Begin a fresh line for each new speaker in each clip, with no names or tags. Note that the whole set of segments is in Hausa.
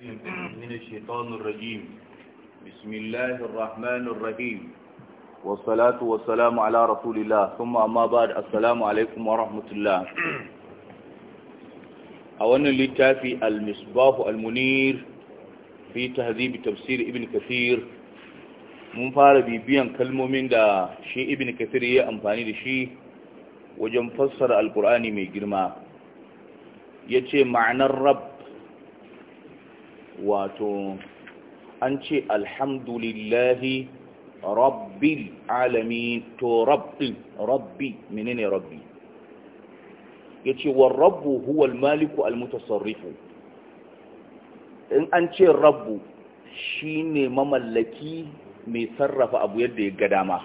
من الشيطان الرجيم بسم الله الرحمن الرحيم والصلاة والسلام على رسول الله ثم أما بعد السلام عليكم ورحمة الله أولا للتافي المصباح المنير في تهذيب تفسير ابن كثير mun fara bibiyan kalmomin da shi ibn kathir ya amfani da shi wajen fassara alkur'ani mai girma ya ce ma'anar rab wato an ce alhamdulillahi rabbi alami to rabbi rabbi menene rabbi ya ce wa rabbu huwal maliku almutasarrifu in an ce rabbu shi ne mamallaki mai sarrafa abu yadda ya ga dama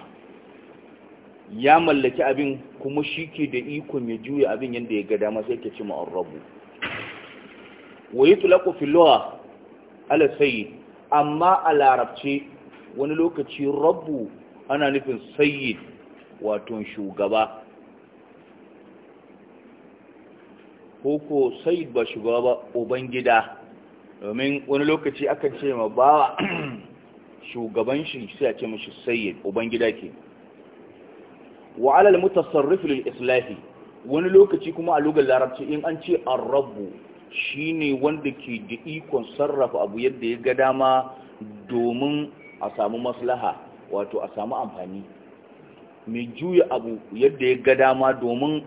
ya mallaki abin kuma shi ke da ikon ya juya abin yadda ya ga dama sai ke ce ma'an rabbu wa yi tulaku filowa ala amma a larabce wani lokaci rabbu ana nufin sayi, wato shugaba ko ko ba shugaba ba ubangida domin wani lokaci akan ce ma ba shugaban shi sai a ce mashi sayi, ubangida ke wa alal mutasarrif lil islahi wani lokaci kuma a lugar larabci in an ce ar-rabbu Shi ne wanda ke da ikon sarrafa abu yadda ya ga dama domin a samu maslaha wato a samu amfani mai juya abu yadda ya ga dama domin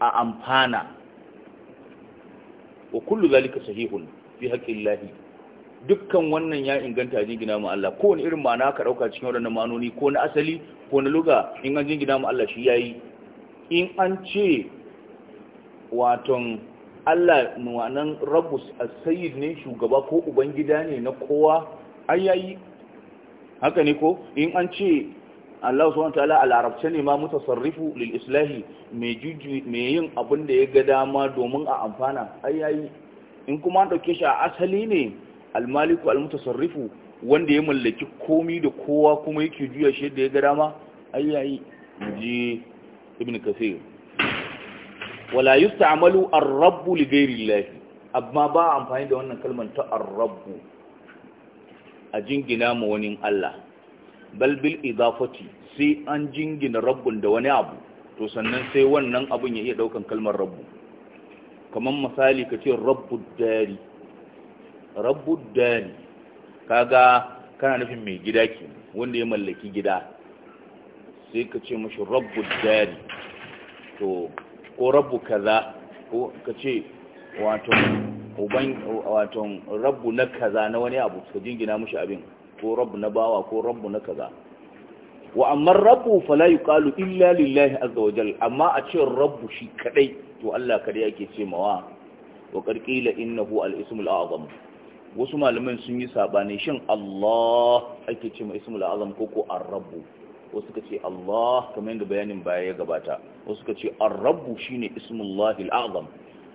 a amfana wa kullu zalika sahihun fi haqqillahi dukkan wannan ya inganta jingina mu Allah ko wani irin ma'ana ka dauka cikin wadannan manoni ko na asali ko na luga in an jingina mu Allah shi yayi in an ce waton Allah ma'anan rabu sayyid ne shugaba ko ubangida ne na kowa Ayayi. haka ne ko in an ce Allah su wata al ne ma lil islahi mai yin abin da ya ga dama domin a amfana Ayayi. in kuma an ɗauke shi a asali ne al-maliku al wanda ya mallaki komi da kowa kuma yake juya shi da ya ga dama Ayayi. yayi ibn wala yusta'malu ar-rabbu li llahi amma ba amfani da wannan kalmar ta ar-rabbu a jingina mu wani Allah bal bil idafati sai an jingina rabbun da wani abu to sannan sai wannan abun ya iya daukan kalmar rabbu kamar misali kace ce rabbud dari rabbud dari kaga kana nufin mai gida ke wanda ya mallaki gida sai ka ce mashi rabbud dari to ko rabu kaza ko ka ce wato wato rabu na kaza na wani abu ka jingina mushi abin ko rabu na bawa ko rabu na kaza wa amma rabu fala yuqalu illa lillahi azza wa amma a ce rabu shi kadai to Allah kadai yake ce mawa wa qarqila innahu al-ismul a'zam wasu malaman sun yi sabani shin Allah ake ce ma ismul a'zam ko ko ar rabu wasu ka ce Allah kamar yadda bayanin baya ya gabata wasu ka ce ar rabu shine ismullahi al-azam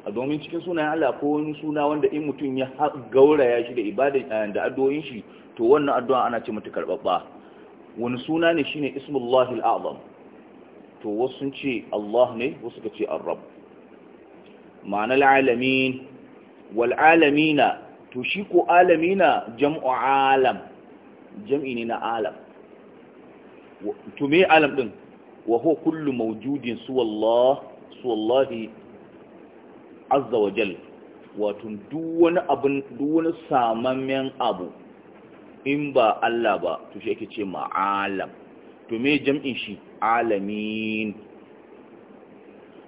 a domin cikin sunayen Allah ko wani suna wanda in mutum ya gauraya shi da ibada eh, da addu'o'in shi to wannan addu'a ana ce mata karbabba wani suna ne shine ismullahi al-azam to wasu sun ce Allah ne wasu ka ce ar-rabb ma'anar alamin wal alamina to shi ko alamina jam'u alam jam'i ne na alam to me alam din wa huwa kullu mawjudin suwallah suwallahi azza wa jal wato duk wani abun duk samammen abu in ba Allah ba to shi yake ce ma'alam to me jam'in shi alamin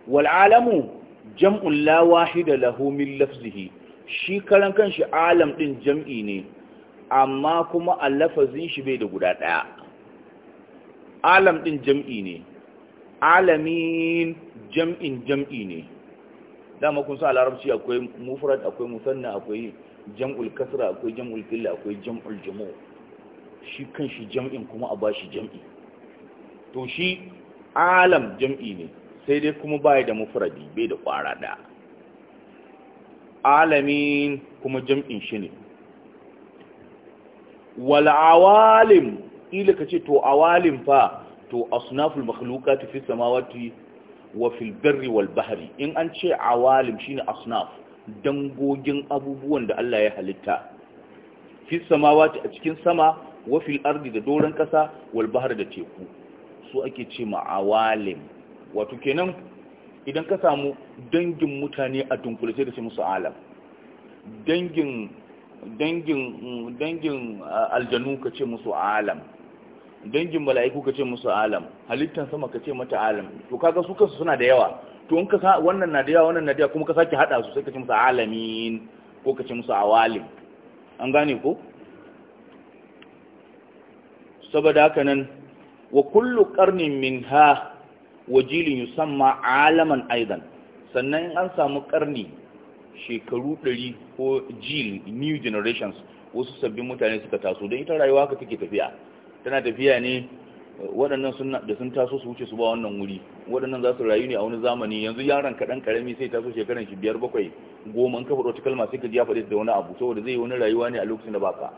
wal alamu jam'un la wahida lahu min lafzihi shi karan kanshi alam din jam'i ne amma kuma a lafazin shi bai da guda daya alam din jam'i ne alamin jam'in jam'i ne dama kun sa larabci akwai mufrad akwai musanna akwai jam'ul kasra akwai jam'ul qilla akwai jam'ul jumu shi kan shi jam'in kuma a bashi jam'i to shi alam jam'i ne sai dai kuma baya da mufradi bai da kwara da alamin kuma jam'in shi ne wal awalim kila ka ce to awalin fa to asnaful makhluqati fi samawati wa fil barri wal bahri in an ce awalim shine asnaf dangogin abubuwan da Allah ya halitta fi samawati a cikin sama wa fil da doran kasa wal da teku su ake ce ma awalim wato kenan idan ka samu dangin mutane a dunkulace da su musu alam dangin dangin dangin aljanu ka ce musu alam dangin mala'iku ka ce musu alam halittan sama ka ce mata alam to kaga su kansu suna da yawa to in ka sa wannan na da yawa wannan na da yawa kuma ka saki hada su sai ka ce musu alamin ko ka ce musu awalim an gane ko saboda haka nan wa kullu qarnin minha wajilin yusamma alaman aidan sannan an samu qarni shekaru 100 ko jil new generations wasu sabbin mutane suka taso don ita rayuwa ka take tafiya tana tafiya ne waɗannan suna da sun taso su wuce su ba wannan wuri waɗannan za su rayu ne a wani zamani yanzu yaron kaɗan ƙarami sai taso shekaran shi biyar bakwai goma ka faɗo kalma sai ka ji ya faɗi da wani abu saboda zai yi wani rayuwa ne a lokacin da baka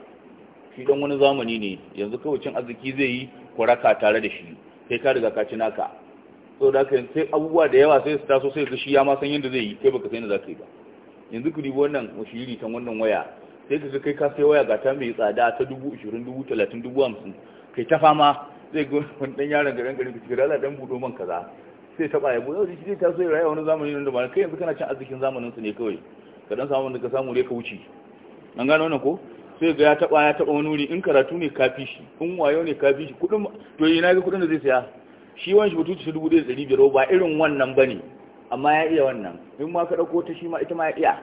shi ɗan wani zamani ne yanzu kawai cin arziki zai yi kwaraka tare da shi kai ka riga ka ci naka saboda haka sai abubuwa da yawa sai su taso sai ga shi ya ma san yadda zai yi kai baka san yadda za ka yi ba yanzu ku dubi wannan shiri kan wannan waya sai ka kai ka sai waya ta mai tsada ta dubu ishirin dubu talatin dubu hamsin kai ta fama zai go wani dan yaron garin garin ka Allah dan budo man kaza sai ta baya budo shi ta so rayuwa wani zamani nan da ba kai yanzu kana cin azikin zamanin su ne kawai ka dan samu wanda ka samu ne ka wuce an gano wannan ko sai ga ya taba ya taba wani wuri in karatu ne ka fi shi in wayo ne ka fi shi kudin to ina eh, ga kudin da zai saya shi wani shi butuci dubu ɗaya da ɗari biyar ba irin wannan bane amma ya iya wannan in ma ka ɗauko ta shi ma ita ma ya iya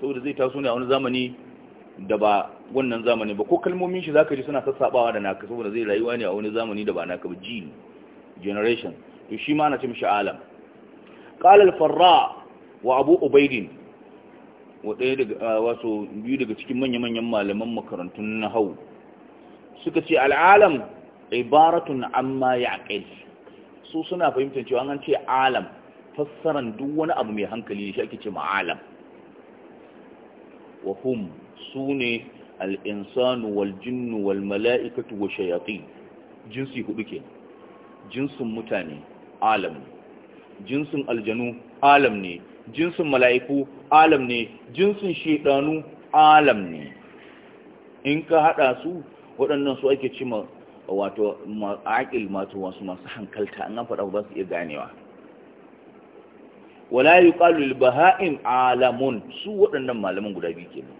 saboda zai taso ne a wani zamani da ba wannan zamani ba ko kalmomin shi zaka ji suna sassabawa da naka saboda zai rayuwa ne a wani zamani da ba naka ba gene generation to shi ma ana ce mishi alam qala al-farra wa abu ubaidin wa ɗaya daga wato biyu daga cikin manya-manyan malaman makarantun nahau suka ce al'alam ibaratun amma ya'qil su suna fahimtar cewa an ce alam fassaran duk wani abu mai hankali shi ake ce ma alam wa hum su ne al'insanu wal jinnu wal mala'ikatu wa shayaƙi jinsi hudu ke jinsin mutane alam ne jinsin aljanu alam ne jinsin mala'iku alam ne jinsin shaidanu alam ne in ka haɗa su waɗannan su ake ma wato aƙil mato wasu masu hankalta an faɗa ba su iya ganewa wala yi ƙalul baha'in alamun su waɗannan malaman guda biyu kenan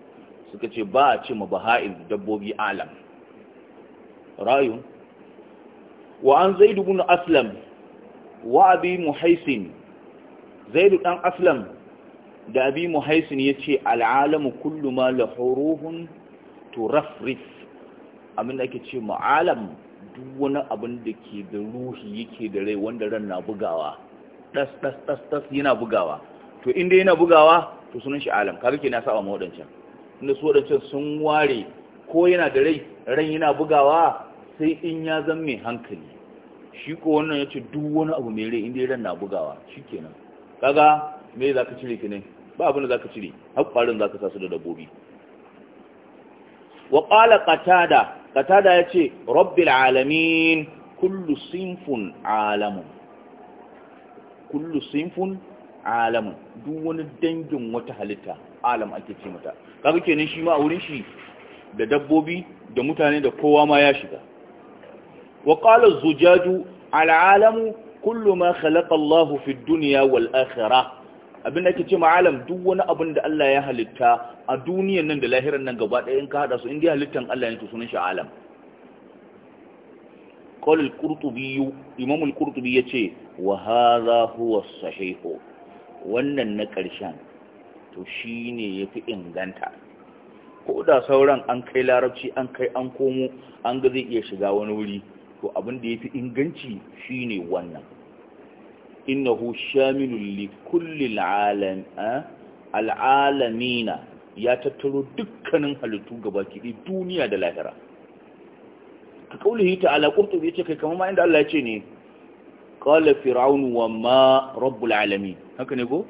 suka ce ba a ce ma baha'il dabbobi alam rayun wa an zaidu bin aslam wa abi muhaisin zaidu dan aslam da abi muhaisin ya ce al'alamu kullu ma la huruhun turafrif abinda ake ce ma'alam duk wani abin da ke da ruhi yake da rai wanda ran na bugawa ɗas ɗas ɗas yana bugawa to inda yana bugawa to sunan shi alam kaga ke na saba mawaɗancan. na su sun ware ko yana da rai ran yana bugawa sai in ya zan mai hankali shi ko wannan ya ce duk wani abu mai rai inda ran na bugawa shi kenan kaga me za ka cire ki ba abin da za ka cire haƙƙarin za ka sa su da dabbobi wa ƙala ƙatada ƙatada ya ce rabbil alamin kullu sinfun alamun kullu sinfun alamun duk wani dangin wata halitta alam ake ce mata kaga kenan shi ma a wurin shi da dabbobi da mutane da kowa ma ya shiga wa qala zujaju al'alamu kullu ma khalaqa Allah fi dunya wal akhirah abinda ake ce ma'alam duk wani abin da Allah ya halitta a duniyan nan da lahiran nan gaba ɗaya in ka hada su indiya halittan Allah ne to sunan shi alam qala al-qurtubi imam al-qurtubi yace wa hadha huwa as-sahih wannan na karshen to shi ne ya fi inganta ko da sauran an kai larabci an kai an komo an ga zai iya shiga wani wuri to abinda da ya fi inganci shi ne wannan innahu shamilun li kulli al'alamina ya tattaro dukkanin halittu gaba kiɗi duniya da lahira ka kaulihi ta'ala qurtubi yace kai kamar ma inda Allah ya ce ne qala fir'aunu wa ma rabbul alamin haka ne ko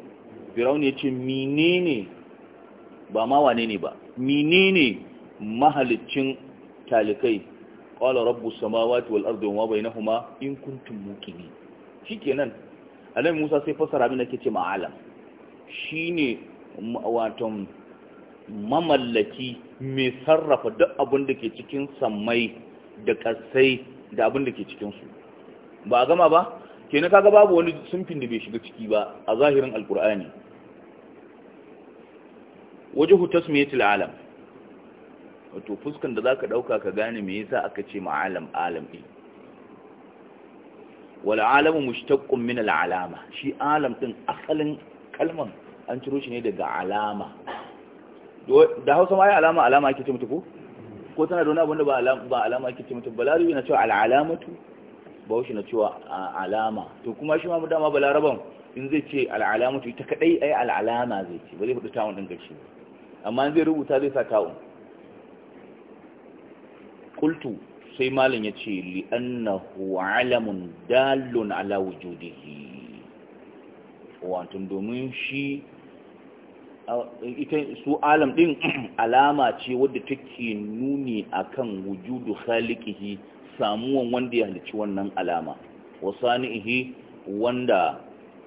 fir'aun ya ce menene ba ma wane ne ba menene mahalicin talikai qala rabbus samawati wal ardi wama bainahuma in kuntum muqinin shikenan annabi Musa sai fasa abin na yake ce ma'alam shine wato mamallaki mai sarrafa duk abin da ke cikin samai da kasai da abin da ke cikin su ba a gama ba kenan kaga babu wani sunfin da bai shiga ciki ba a zahirin alkur'ani wajhu tasmiyatul alam wato fuskan da za ka ɗauka ka gane me yasa aka ce ma alam alam din wal alamu mushtaqqun min al alama shi alam ɗin asalin kalman an ciro shi ne daga alama da Hausa ma ya alama alama ake ce mutu ko ko tana da wani abin da ba alama ake ce mutu balarabi na cewa al alamatu bawshi na cewa alama to kuma shi ma dama balaraban in zai ce al'alamatu ita kadai ai al'alama zai ce ba zai hudu tawon ɗin gaci ba amma zai rubuta zai sa ta'un kultu sai malam ya ce li annahu alamun dalun ala wujudihi wato domin shi ita su alam din alama ce wadda take nuni akan wujudu khaliqihi samuwan wanda ya halici wannan alama wasanihi wanda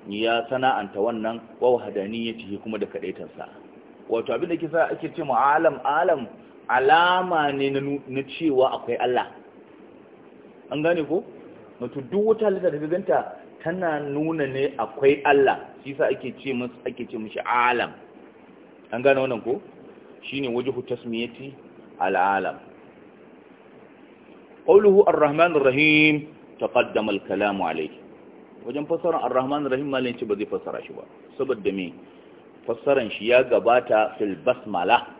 ya sana'anta wannan wa wahdaniyatihi kuma da kadaitansa wato abin da ke sa ake ce alam alam alama ne na cewa akwai Allah an gane ko wato duk wata halitta da ganta tana nuna ne akwai Allah shi sa ake ce mus ake ce mushi alam an gane wannan ko shine wajhu tasmiyati al alam qawluhu ar-rahman ar-rahim taqaddama al-kalamu alayhi wajen fasara ar-rahman ar-rahim malai ce ba zai fasara shi ba saboda me fassaran shi ya gabata fil basmala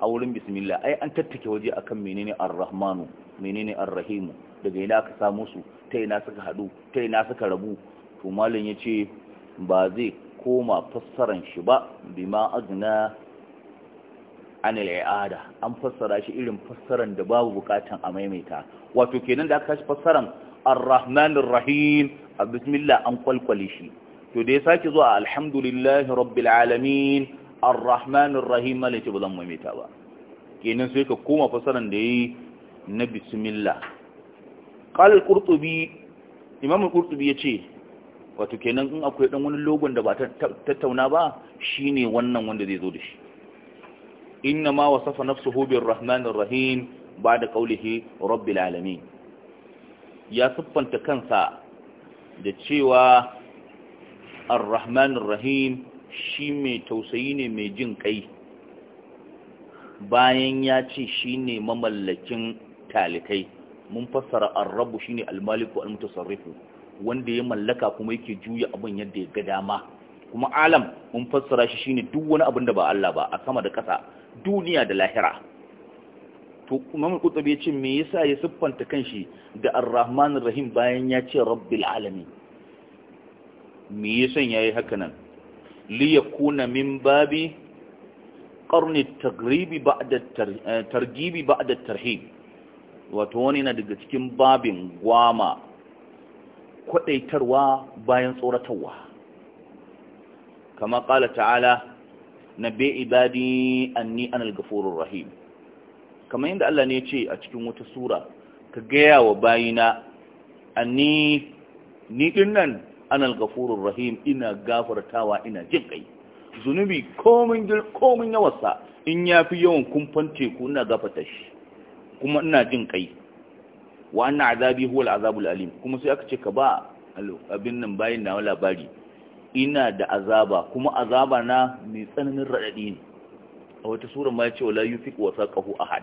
a wurin bismillah ai an tattake waje akan menene ar-rahmanu menene ar-rahimu daga ina aka samu su ta ina suka hadu ta ina suka rabu to malam yace ba zai koma fassaran shi ba bima azna an al'ada an fassara shi irin fassaran da babu bukatan a maimaita wato kenan da aka kashi fassaran ar-rahmanir rahim a bismillah an kwalkwale shi to da ya sake zuwa alhamdulillahi rabbil alamin arrahmanir rahim malaka ba zan maimaita ba kenan sai ka koma fasaran da yayi na bismillah qal qurtubi imam qurtubi yace wato kenan in akwai dan wani logon da ba ta tattauna ba shine wannan wanda zai zo da shi inna ma wasafa nafsuhu rahmanir rahim ba'da qawlihi rabbil alamin ya siffanta kansa da cewa ar-rahman rahim shi mai tausayi ne mai jin kai bayan ya ce shi ne mamallakin talikai mun fassara ar-rabu ne al-maliku wanda ya mallaka kuma yake juya abin yadda ya ga dama kuma alam mun fassara shi shine duk wani abin da ba Allah ba a sama da ƙasa duniya da lahira to kuma mun ya ce me yasa ya siffanta kanshi da ar Rahim bayan ya ce Rabbil Alamin me ya yi haka nan liya kuna min babi ƙarni eh, targibi ba targibi tarhib wato wani na daga cikin babin gwama kwadaitarwa bayan tsoratarwa kama ƙala ta'ala nabi ibadi anni anal ghafurur rahim kamar yadda Allah ne ya ce a cikin wata sura ka gaya wa bayina anni ni nan. ana al rahim ina gafartawa ina jin kai zunubi komin komin yawarsa in yafi yawan kumfan teku ina gafata shi kuma ina jin kai wa anna azabi huwa al'azabul alim kuma sai aka ce ka ba abin nan bayin na labari ina da azaba kuma azaba na mai tsananin raɗaɗi ne a wata sura ma ce wala yufiq wasaqahu ahad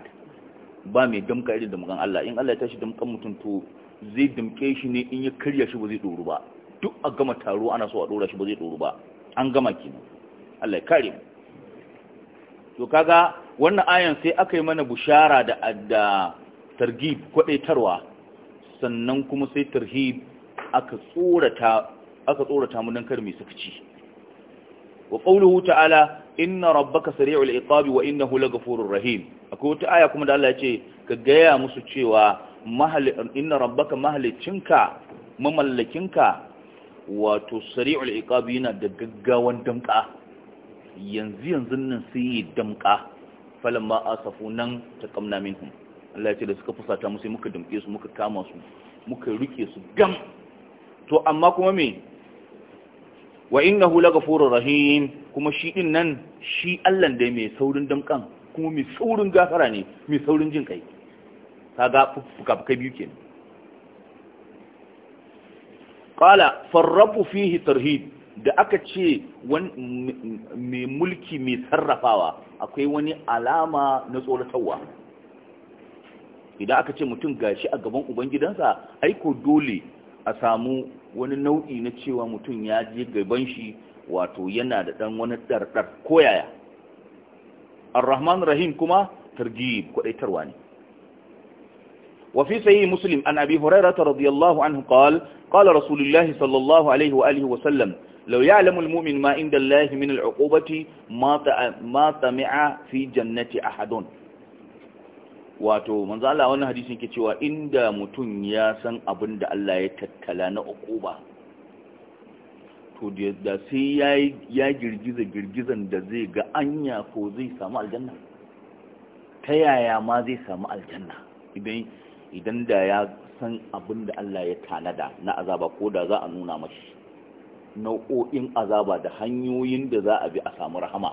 ba mai damka irin damkan Allah in Allah ya tashi damkan mutum to zai damke shi ne in ya karya shi ba zai doru ba duk a gama taro ana so a ɗora shi ba zai ɗoro ba an gama kenan Allah ya kare mu to kaga wannan ayan sai aka yi mana bushara da da targhib kwadaitarwa sannan kuma sai tarhib aka tsorata aka tsorata mu dan kar mai sakaci wa qawluhu ta'ala inna rabbaka sari'ul iqabi wa innahu laghafurur rahim akwai wata aya kuma da Allah ya ce ka gaya musu cewa mahali inna rabbaka mahalicinka mamallakinka wato sari'ul iqabi yana da gaggawan damka yanzu yanzu nan sai yi damka falamma asafu nan taqamna minhum Allah ya ce da suka fusata mu sai muka damke su muka kama su muka rike su gam to amma kuma me wa innahu laghafurur rahim kuma shi din nan shi Allah da mai saurin damkan kuma mai saurin gafara ne mai saurin jin kai kaga fuka fuka biyu kenan kala farrabu fihi tarhid da aka ce mai mulki mai sarrafawa akwai wani alama na tsoratarwa idan aka ce mutum gashi a gaban ubangidansa aiko dole a samu wani nau'i na cewa mutum ya je gaban shi wato yana da dan wani ɗarɗar koyaya ar-rahman rahim kuma targib kwadaitarwa ne وفي صحيح مسلم عن أبي هريرة رضي الله عنه قال قال رسول الله صلى الله عليه وآله وسلم لو يعلم المؤمن ما عند الله من العقوبة ما طمع في جنة أحد wato manzo Allah wannan hadisin ke cewa inda mutum ya san abin da Allah ya tattala na ukuba to da sai ya girgiza girgizan da zai ga anya ko zai samu aljanna ta yaya ma zai samu aljanna idan idan da ya san abin da Allah ya tanada na azaba ko da za a nuna mashi nau'o'in azaba da hanyoyin da za a bi a samu rahama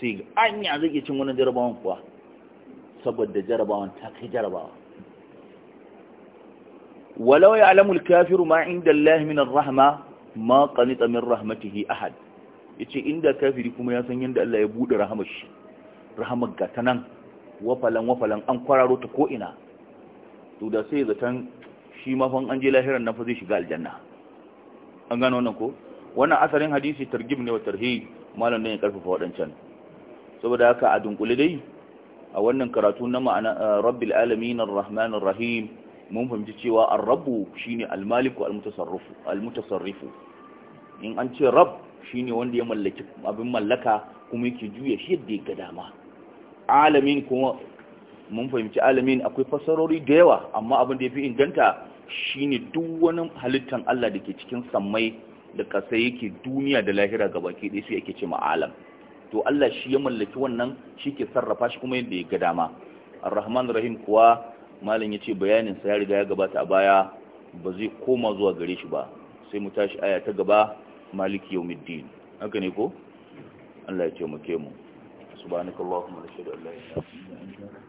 sai anya zai cin wani jarabawan kuwa saboda jarabawan ta kai jarabawa walau ya alamul kafiru ma inda Allah min rahama ma qanita min rahmatihi ahad yace inda kafiri kuma ya san yanda Allah ya bude rahamar shi rahamar ga ta wafalan wafalan an kwararo ta ko ina to da sai zaton shi mafan an je lahiran nan fa zai shiga aljanna an gano wannan ko wannan asarin hadisi targib ne wa tarhi, malam ne ya karfafa wadancan saboda haka a dunkule dai a wannan karatu na ma'ana eh, rabbil alamin arrahman rahim mun fahimci cewa ar-rabbu shine al-maliku al-mutasarrifu al-mutasarrifu in an ce rabb shine wanda ya mallaki abin mallaka kuma yake juya shi yadda ya ga dama alamin kuma mun fahimci alamin akwai fasarori da yawa amma abin da ya fi inganta shine duk wani halittan Allah da ke cikin sammai da ƙasa yake duniya da lahira gaba baki ɗaya su ake ce ma'alam to Allah shi ya mallaki wannan shi ke sarrafa shi kuma yadda ya ga dama ar-rahman rahim kuwa malam ya ce bayanin sa ya riga ya gabata a baya ba zai koma zuwa gare shi ba sai mu tashi aya ta gaba maliki yawmiddin haka ne ko Allah ya ce mu ke mu subhanakallahumma wa